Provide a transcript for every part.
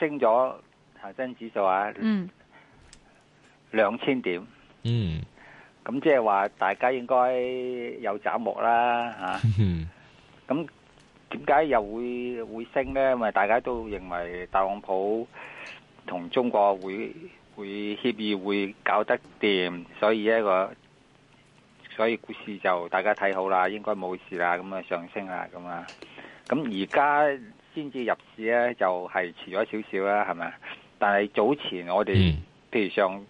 升咗恒生指數啊，兩千點，嗯，咁即係話大家應該有展望啦，吓，咁點解又會會升呢？因為大家都認為特朗普同中國會會協議會搞得掂，所以呢個所以股市就大家睇好啦，應該冇事啦，咁啊上升啦，咁啊，咁而家。先至入市咧，就係遲咗少少啦，係咪？但係早前我哋，譬如上誒、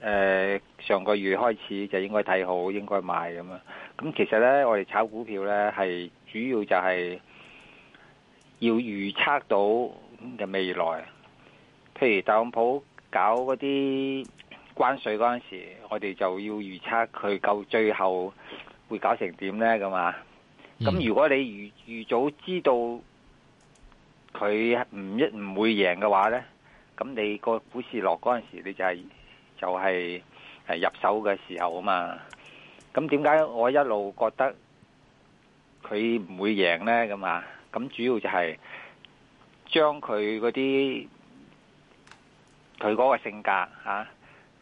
呃、上個月開始就應該睇好，應該買咁樣。咁其實咧，我哋炒股票咧，係主要就係要預測到嘅未來。譬如特朗普搞嗰啲關稅嗰陣時，我哋就要預測佢到最後會搞成點咧，噶嘛。咁如果你預預早知道，佢唔一唔會贏嘅話呢，咁你個股市落嗰陣時，你就係、係、就係、係、入手嘅時候啊嘛。咁點解我一路覺得佢唔會贏呢？咁啊，咁主要就係將佢嗰啲佢嗰個性格啊，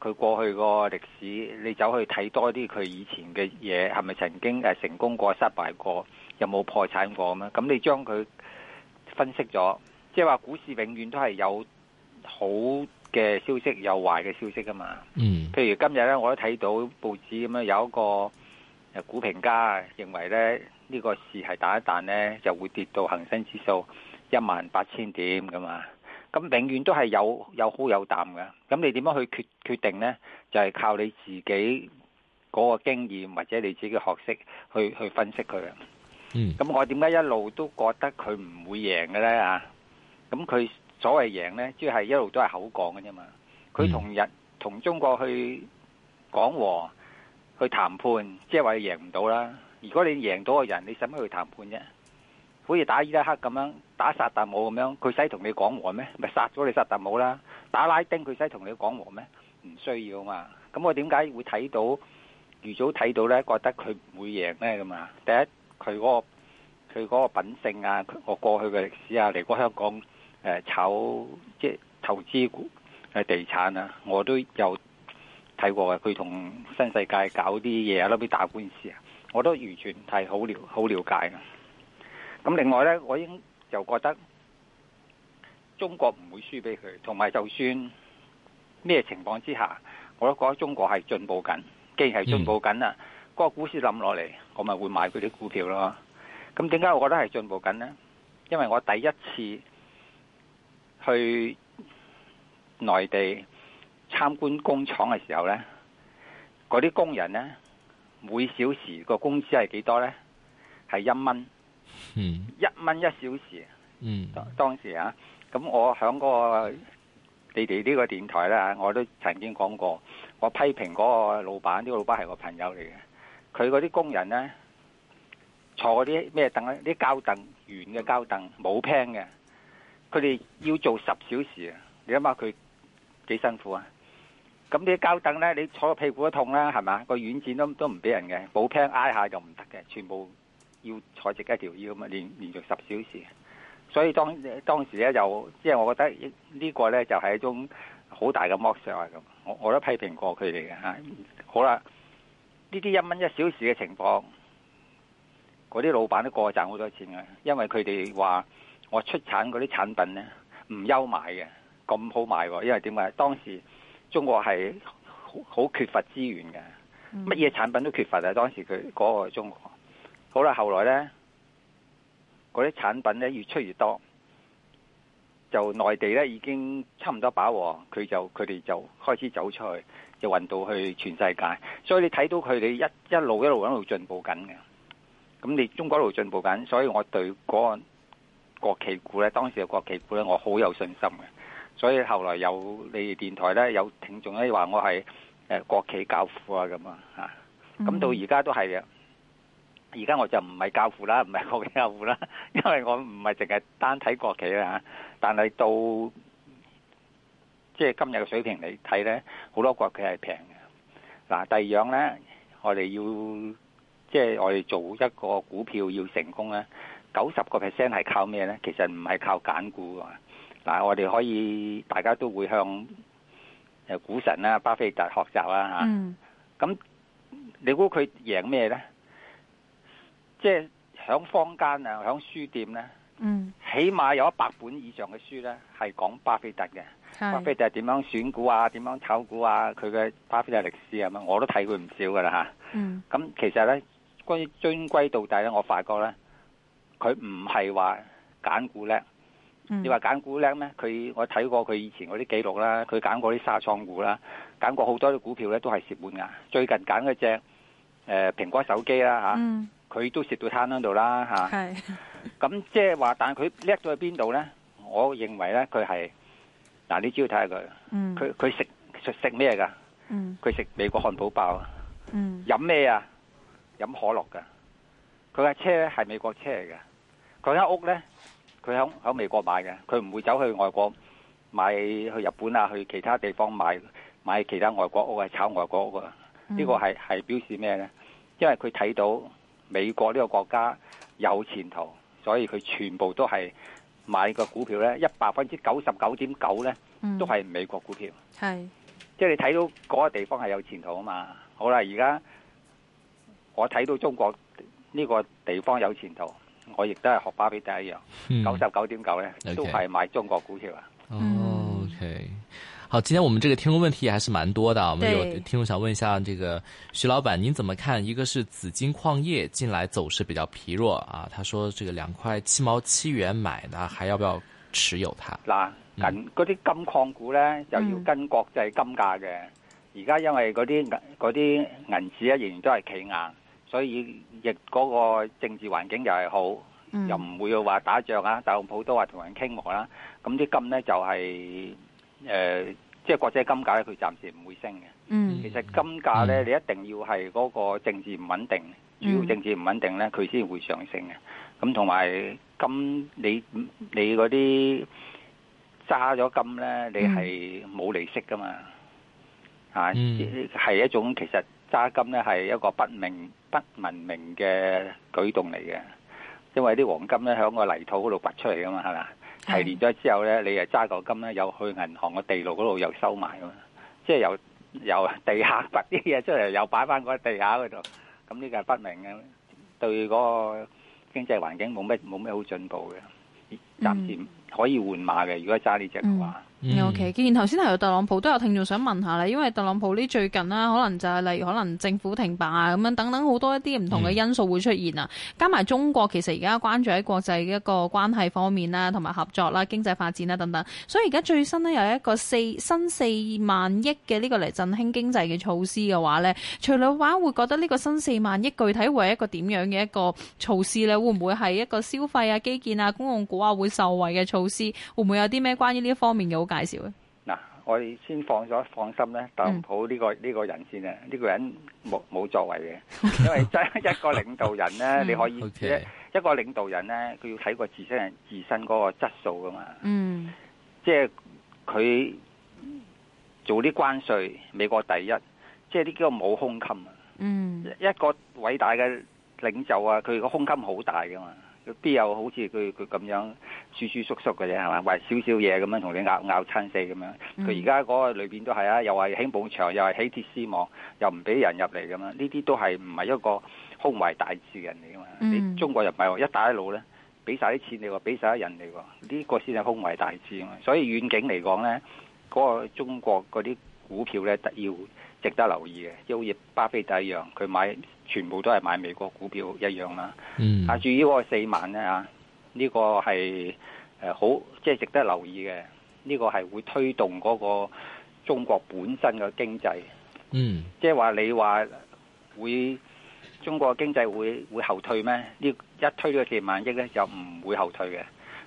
佢過去個歷史，你走去睇多啲佢以前嘅嘢，係咪曾經成功過、失敗過，有冇破產過嘛？咁你將佢。分析咗，即係話股市永遠都係有好嘅消息，有壞嘅消息噶嘛。嗯。Mm. 譬如今日咧，我都睇到報紙咁樣，有一個誒股評家認為咧，呢、這個市係打一彈咧，就會跌到恒生指數一萬八千點噶嘛。咁永遠都係有有好有淡噶。咁你點樣去決決定咧？就係、是、靠你自己嗰個經驗或者你自己嘅學識去去分析佢啊。咁、嗯、我點解一路都覺得佢唔會贏嘅咧？啊，咁佢所謂贏咧，即係一路都係口講嘅啫嘛。佢同日同中國去講和去談判，即係話你贏唔到啦。如果你贏到個人，你使乜去談判啫？好似打伊拉克咁樣，打薩達姆咁樣，佢使同你講和咩？咪殺咗你薩達姆啦？打拉丁佢使同你講和咩？唔需要嘛。咁我點解會睇到預早睇到咧，覺得佢唔會贏咧？咁啊，第一。佢嗰個、佢嗰個品性啊，我過去嘅歷史啊，嚟過香港誒、呃、炒即係投資股地產啊，我都有睇過嘅。佢同新世界搞啲嘢啊，都俾打官司啊，我都完全係好了好了解嘅。咁另外呢，我已經又覺得中國唔會輸俾佢，同埋就算咩情況之下，我都覺得中國係進步緊，既然係進步緊啊。嗯個股市冧落嚟，我咪會買佢啲股票咯。咁點解我覺得係進步緊呢？因為我第一次去內地參觀工廠嘅時候呢，嗰啲工人呢，每小時個工資係幾多呢？係一蚊。嗯。一蚊一小時。嗯。當當時啊，咁我響嗰個你哋呢個電台呢，我都曾經講過，我批評嗰個老闆，呢個老闆係我朋友嚟嘅。佢嗰啲工人咧坐啲咩凳咧？啲膠凳圓嘅膠凳冇平嘅，佢哋要做十小時啊！你諗下佢幾辛苦啊！咁啲膠凳咧，你坐個屁股都痛啦，係嘛？個軟墊都都唔俾人嘅，冇平挨下就唔得嘅，全部要坐直一條腰，要連連續十小時。所以當當時咧就即係、就是、我覺得呢個咧就係一種好大嘅剝削啊！咁我我都批評過佢哋嘅嚇，好啦。呢啲一蚊一小時嘅情況，嗰啲老闆都過去賺好多錢嘅，因為佢哋話我出產嗰啲產品咧唔優買嘅，咁好賣喎，因為點解當時中國係好缺乏資源嘅，乜嘢產品都缺乏啊！當時佢嗰個中國，好啦，後來咧嗰啲產品咧越出越多，就內地咧已經差唔多飽和，佢就佢哋就開始走出去。就運到去全世界，所以你睇到佢哋一一路一路一路進步緊嘅，咁你中國一路進步緊，所以我對嗰個國企股咧，當時嘅國企股咧，我好有信心嘅。所以後來有你哋電台咧，有聽眾咧話我係誒國企教父啊咁啊嚇，咁、嗯、到而家都係嘅。而家我就唔係教父啦，唔係國企教父啦，因為我唔係淨係單睇國企啊，但係到。即係今日嘅水平嚟睇咧，好多國企係平嘅。嗱、啊，第二樣咧，我哋要即係、就是、我哋做一個股票要成功咧，九十個 percent 係靠咩咧？其實唔係靠揀股啊。嗱，我哋可以大家都會向誒股神啦、巴菲特學習啦嚇。咁、啊嗯、你估佢贏咩咧？即係喺坊間啊，喺書店咧，嗯、起碼有一百本以上嘅書咧係講巴菲特嘅。是巴菲特點樣選股啊？點樣炒股啊？佢嘅巴菲特歷史啊，樣，我都睇佢唔少噶啦吓。咁、嗯、其實咧，關於總歸到底咧，我發覺咧，佢唔係話揀股叻。嗯、你話揀股叻咩？佢我睇過佢以前嗰啲記錄啦，佢揀過啲沙倉股啦，揀過好多啲股票咧，都係蝕本噶。最近揀嗰隻誒蘋果手機啦吓，佢、嗯、都蝕到攤嗰度啦吓。咁即係話，但係佢叻咗喺邊度咧？我認為咧，佢係。嗱，你只要睇下佢，佢佢食食咩噶？佢食美國漢堡包，飲咩啊？飲可樂噶。佢架車咧係美國車嚟嘅，佢間屋咧佢響響美國買嘅，佢唔會走去外國買，去日本啊，去其他地方買買其他外國屋啊，炒外國屋噶。呢個係係表示咩咧？因為佢睇到美國呢個國家有前途，所以佢全部都係買個股票咧，一百分之九十九點九咧，都係美國股票。係、嗯，係即係你睇到嗰個地方係有前途啊嘛。好啦，而家我睇到中國呢個地方有前途，我亦都係學巴菲特一樣，九十九點九咧都係買中國股票啊。O Okay . K、嗯。Okay. 好，今天我們這個聽眾問題還是蠻多的，我們有聽眾想問一下，這個徐老闆，您怎麼看？一個是紫金礦業近來走勢比較疲弱啊，他說這個兩塊七毛七元買呢，還要不要持有它？嗱，銀嗰啲金礦股咧，嗯、就要跟國際金價嘅，而家因為嗰啲銀啲銀紙啊，仍然都係企硬，所以亦嗰個政治環境又係好，嗯、又唔會話打仗啊，大部分都話同人傾和啦，咁啲金咧就係、是。誒、呃，即係國際金價咧，佢暫時唔會升嘅。嗯、其實金價咧，你一定要係嗰個政治唔穩定，主要政治唔穩定咧，佢先會上升嘅。咁同埋金，你你嗰啲揸咗金咧，你係冇利息噶嘛。嗯、啊，係一種其實揸金咧係一個不明不文明嘅舉動嚟嘅，因為啲黃金咧喺個泥土嗰度拔出嚟噶嘛，係嘛？是提煉咗之後咧，你又揸個金咧，又去銀行個地牢嗰度又收埋嘛，即係由又地下掘啲嘢出嚟，又擺翻個地下嗰度，咁呢個係不明嘅，對嗰個經濟環境冇咩冇咩好進步嘅，嗯、暫時可以換馬嘅，如果揸呢隻嘅話。嗯 O.K.，既然頭先提到特朗普都有聽眾想問一下咧，因為特朗普呢最近啦，可能就係例如可能政府停辦啊，咁樣等等好多一啲唔同嘅因素會出現啊。嗯、加埋中國其實而家關注喺國際一個關係方面啦，同埋合作啦、經濟發展啦等等。所以而家最新呢，有一個四新四萬億嘅呢個嚟振興經濟嘅措施嘅話呢，除咗話會覺得呢個新四萬億具體會係一個點樣嘅一個措施呢？會唔會係一個消費啊、基建啊、公共股啊會受惠嘅措施？會唔會有啲咩關於呢一方面嘅？介紹啦，嗱，我哋先放咗放心咧，特朗普呢個呢個人先啊，呢個人，嗯，冇冇作為嘅，因為真係一個領導人咧，你可以一個領導人咧，佢要睇個自身自身個質素噶嘛，嗯，即係佢，即係佢做啲關稅美國第一，即係呢幾個冇胸襟啊，嗯，一個偉大嘅領袖啊，佢個胸襟好大噶嘛。邊有好似佢佢咁樣舒舒服服嘅啫，係嘛？為少少嘢咁樣同你拗拗親死咁樣。佢而家嗰個裏邊都係啊，又係起網牆，又係起鐵絲網，又唔俾人入嚟咁樣。呢啲都係唔係一個胸懷大志嘅人嚟噶嘛？嗯、你中國人唔係一帶一路咧，俾晒啲錢你話俾晒啲人嚟喎，呢、呢個先係胸懷大志啊嘛。所以遠景嚟講咧，嗰、嗰個中國嗰啲股票咧，得要。值得留意嘅，就好似巴菲特一樣，佢買全部都係買美國股票一樣啦。嗯、但至於嗰個四萬咧啊，呢個係誒好，即係值得留意嘅。呢、呢個係會推動嗰個中國本身嘅經濟。嗯，即係話你話會中國經濟會會後退咩？呢、這個、一推呢個四萬億咧，就唔會後退嘅。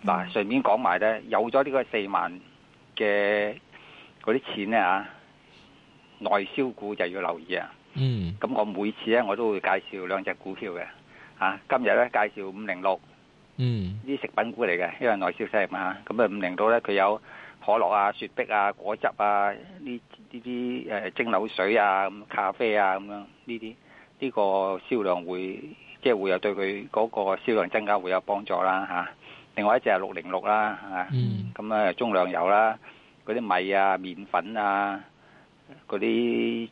嗱、嗯，順便講埋咧，有咗呢個四萬嘅嗰啲錢咧啊！內銷股就要留意啊！咁、嗯、我每次咧我都會介紹兩隻股票嘅，啊，今日咧介紹五零六，嗯，啲食品股嚟嘅，因為內銷先啊嘛，咁啊五零六咧，佢有可樂啊、雪碧啊、果汁啊、呢呢啲誒蒸餾水啊、咖啡啊咁樣，呢啲呢個銷量會即係會有對佢嗰個銷量增加會有幫助啦嚇、啊。另外一隻係六零六啦，啊，咁、嗯、啊中糧油啦，嗰啲米啊、麵粉啊。嗰啲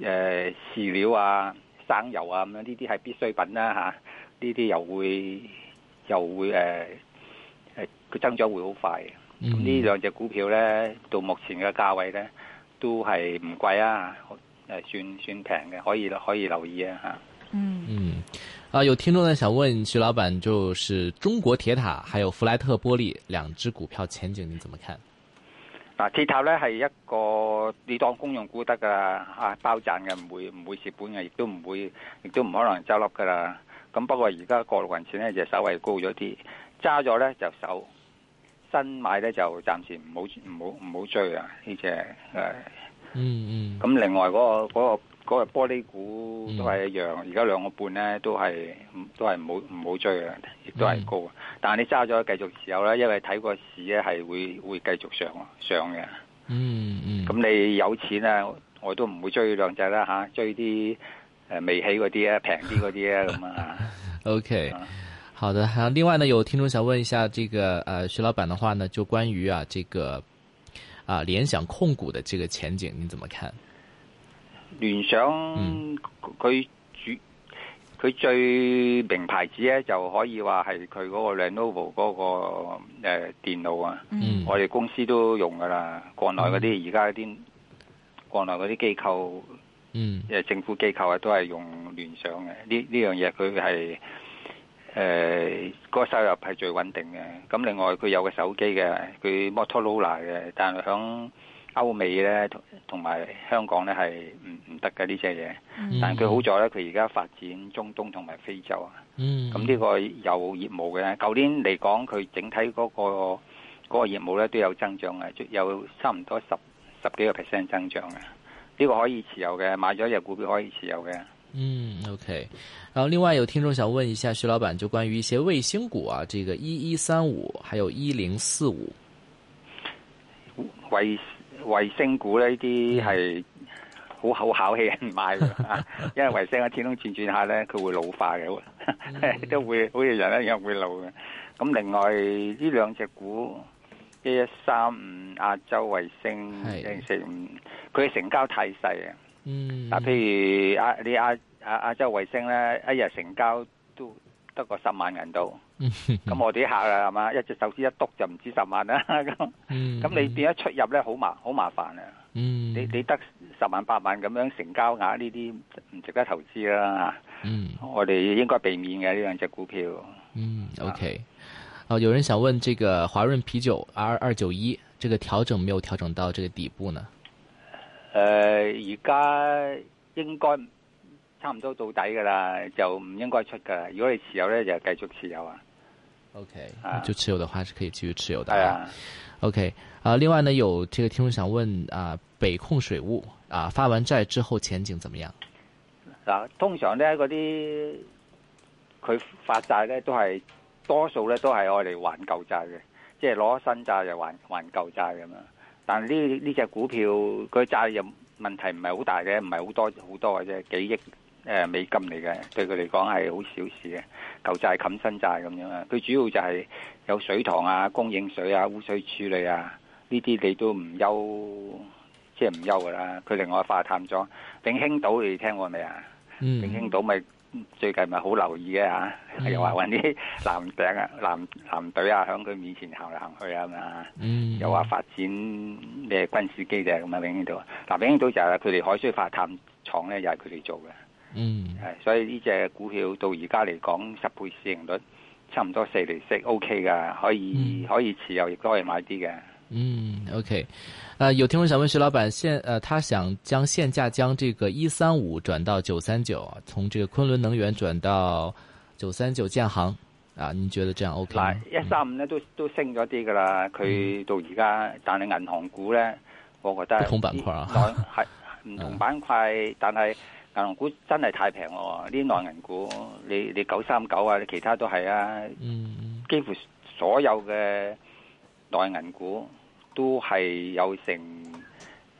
誒飼料啊、生油啊咁樣呢啲係必需品啦、啊、吓，呢、啊、啲又會又會誒誒，佢、呃呃、增長會好快嘅、啊。咁呢、嗯、兩隻股票咧，到目前嘅價位咧，都係唔貴啊，誒、啊、算算平嘅，可以可以留意啊吓。嗯嗯，啊有聽眾咧想問徐老闆，就是中國鐵塔還有弗萊特玻璃兩隻股票前景，你怎麼看？嗱，鐵塔咧係一個你當公用股得噶啦，包賺嘅，唔會唔會蝕本嘅，亦都唔會，亦都唔可能執笠噶啦。咁不過而家過路運錢咧就稍微高咗啲，揸咗咧就守新買咧就暫時唔好唔好唔好追啊！呢隻，嗯嗯。咁另外嗰個嗰個。那個嗰個玻璃股都係一樣，而家、嗯、兩個半咧都係，都係唔好唔好追啊！亦都係高啊！嗯、但係你揸咗繼續持有咧，因為睇個市咧係會會繼續上上嘅、嗯。嗯嗯。咁你有錢啊，我都唔會追兩隻啦吓、啊，追啲誒未起嗰啲啊，平啲嗰啲啊咁啊。OK，好的，好。另外呢，有聽眾想問一下，這個誒、呃、徐老闆的話呢，就關於啊這個啊、呃、聯想控股的這個前景，你怎麼看？聯想佢主佢最名牌子咧就可以話係佢嗰個 Lenovo 嗰個誒電腦啊，嗯、我哋公司都用噶啦，國內嗰啲而家啲國內嗰啲機構，誒、嗯、政府機構啊都係用聯想嘅，呢呢樣嘢佢係誒個收入係最穩定嘅。咁另外佢有個手機嘅，佢 Motorola 嘅，但係響。歐美咧同同埋香港咧係唔唔得嘅，呢隻嘢，但佢好在咧佢而家發展中東同埋非洲啊，嗯，嗯，咁呢個有業務嘅。舊年嚟講佢整體嗰個嗰個業務咧都有增長嘅，有差唔多十十幾個 percent 增長嘅。呢個可以持有嘅，買咗一隻股票可以持有嘅。嗯，OK。然後另外有聽眾想問一下徐老闆，就關於一些衛星股啊，這個一一三五，還有一零四五，衛星股咧，呢啲係好口考氣唔買的 因為衛星喺天空轉轉下咧，佢會老化嘅，嗯、 都會好似人一樣會老嘅。咁另外呢兩隻股，一一三五亞洲衛星、零四五，佢嘅成交太細啊。嗱、嗯，譬如亞你亞亞亞洲衛星咧，一日成交都。得個十萬 人度，咁我哋客啊，係嘛？一隻手指一篤就唔止十萬啦。咁 咁、嗯、 你變咗出入咧？好麻好麻煩啊！嗯、你你得十萬八萬，咁樣成交額，呢啲唔值得投資啦、啊。嗯、我哋應該避免嘅呢兩隻股票。嗯，OK。哦、啊，有人想問這個華潤啤酒 R 二九一，這個調整沒有調整到這個底部呢？誒、呃，而家應該。差唔多到底噶啦，就唔應該出噶。如果你持有咧，就繼續持有啊。OK，啊就持有的話是可以繼續持有的、啊。係 OK，啊，另外呢，有這個聽眾想問啊，北控水務啊，發完債之後前景怎麼樣？嗱、啊，通常咧嗰啲佢發債咧都係多數咧都係我哋還舊債嘅，即係攞新債就還還舊債咁樣。但係呢呢隻股票佢債又問題唔係好大嘅，唔係好多好多嘅啫，幾億。誒美金嚟嘅，對佢嚟講係好小事嘅，舊債冚新債咁樣啊！佢主要就係有水塘啊、供應水啊、污水處理啊，呢啲你都唔憂，即係唔憂㗎啦。佢另外化淡咗永興島你聽過未、嗯、啊？永興島咪最近咪好留意嘅嚇，又話揾啲藍頂啊、藍藍隊啊，響佢面前行嚟行去啊嘛，又話、嗯嗯、發展咩軍事基地咁啊！永興島，嗱永興島就係佢哋海水化淡廠咧，又係佢哋做嘅。嗯，係，所以呢隻股票到而家嚟講十倍市盈率，差不，差唔多四厘息，O K 噶，可以、嗯、可以持有，亦都可以買啲嘅。嗯，O K，啊，有聽眾想問徐老闆，現，呃，他想將現價將這個一三五轉到九三九，從這個昆崙能源轉到九三九建行，啊，你覺得這樣 O K？嗱，一三五咧都都升咗啲噶啦，佢到而家，嗯、但係銀行股呢，我覺得不同板塊啊，係 唔同板塊，嗯、但係。銀行股真係太平喎，呢啲內銀股，你你九三九啊，你其他都係啊，mm. 幾乎所有嘅內銀股都係有成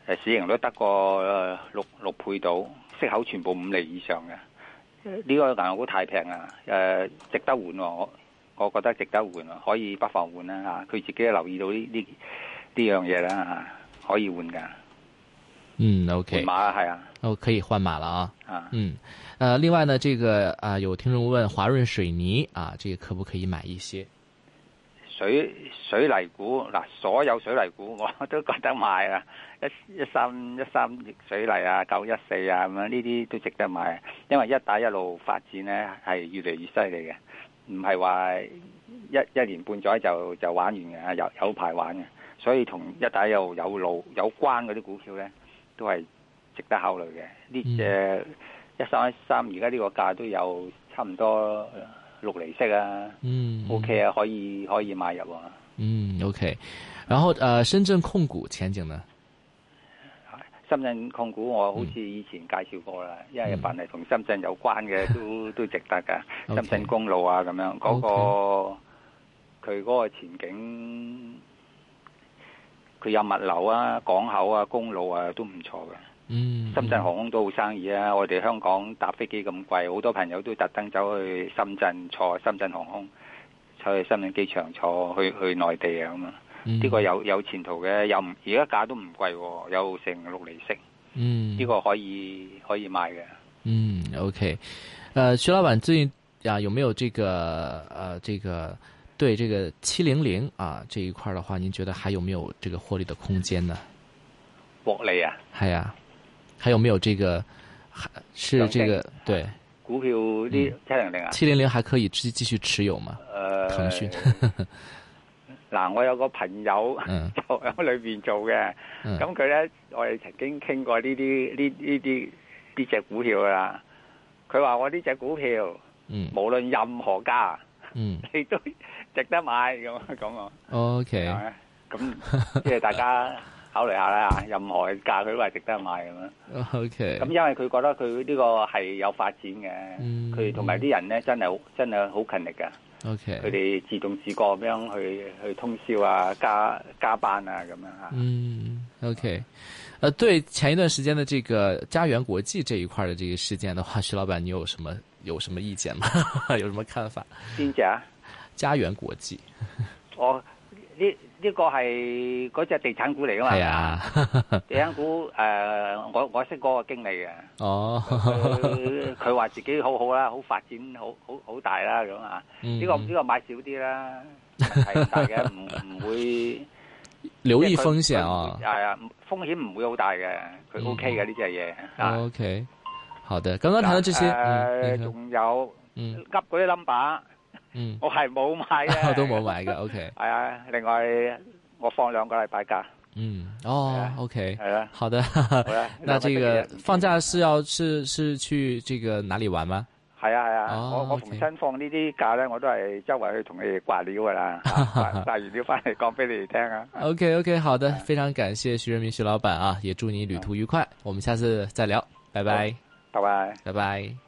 誒市盈率得個六六倍到，息口全部五厘以上嘅，呢個銀行股太平啊，誒、呃、值得換我、啊，我覺得值得換啊，可以不妨換啦吓，佢、啊、自己留意到呢呢呢樣嘢啦吓，可以換噶，嗯，O K，換碼係啊。我、哦、可以換碼了啊，嗯，呃，另外呢，這個啊、呃、有聽眾問華潤水泥啊，這個可不可以買一些水水泥股嗱，所有水泥股我都覺得買啊，一一三一三水泥啊，九一四啊咁樣呢啲都值得買，因為一帶一路發展呢，係越嚟越犀利嘅，唔係話一一年半載就就玩完嘅，有有排玩嘅，所以同一帶一路有路有關嗰啲股票呢，都係。值得考慮嘅呢隻一三一三，而家呢個價都有差唔多六厘息啊！嗯，O K 啊，OK，可以可以買入啊。嗯，O K。Okay，然後誒、呃，深圳控股前景呢？深圳控股我好似以前介紹過啦，嗯、因為凡係同深圳有關嘅都、嗯、都值得㗎，深圳公路啊咁 樣嗰、嗰個佢嗰 Okay. 個前景，佢有物流啊、港口啊、公路啊都唔錯嘅。嗯，深圳航空都好生意啊！嗯、我哋香港搭飛機咁貴，好多朋友都特登走去深圳坐深圳航空，坐去深圳機場坐去去內地啊嘛。呢、嗯、個有有前途嘅，有而家價都唔貴、哦，有成六厘息。嗯，呢個可以可以賣嘅。嗯，OK，誒、呃，徐老板最近啊，有冇有呢個誒，呢個對呢個七零零啊，呢、這個這個啊、一塊嘅話，您覺得還有沒有呢個獲利嘅空間呢？獲利啊，係啊。還有沒有這個？是這個對股票啲七零零啊？七零零還可以繼繼續持有嗎？誒，騰訊嗱，我有個朋友就喺裏面做嘅，咁佢咧我哋曾經傾過呢啲呢呢啲呢隻股票啦。佢話我呢隻股票，無論任何價，你都值得買咁咁啊。OK，咁即係大家。考慮下啦，任何嘅價佢都係值得買咁樣。O K，咁因為佢覺得佢呢個係有發展嘅，佢同埋啲人咧、嗯、真係好真係好勤力㗎。O K，佢哋自動自覺咁樣去去,去通宵啊，加加班啊咁樣吓。嗯，O K，誒，對前一段時間的這個家園國際這一塊的這個事件的話，徐老闆你有什麼有什麼意見嗎？ 有什麼看法？邊隻、啊？家園國際。我。 呢呢個係嗰隻地產股嚟噶嘛？係啊，地產股誒，我我識嗰個經理嘅。哦，佢話自己好好啦，好發展，好好好大啦咁啊！呢個呢個買少啲啦，係唔大嘅，唔唔會留意風險啊！係啊，風險唔會好大嘅，佢 OK 嘅呢隻嘢。OK，好嘅。剛剛談到這些，仲有急嗰啲 number。我係冇買嘅，都冇買噶。O K，係啊，另外我放兩個禮拜假。嗯，哦，O K，係啦，好的。好啦，那這個放假是要是是去這個哪裏玩嗎？係啊係啊，我我重新放呢啲假咧，我都係周圍去同你哋掛料噶啦，掛完料翻嚟講俾你哋聽啊。O K O K，好的，非常感謝徐潤民徐老闆啊，也祝你旅途愉快，我們下次再聊，拜拜，拜拜，拜拜。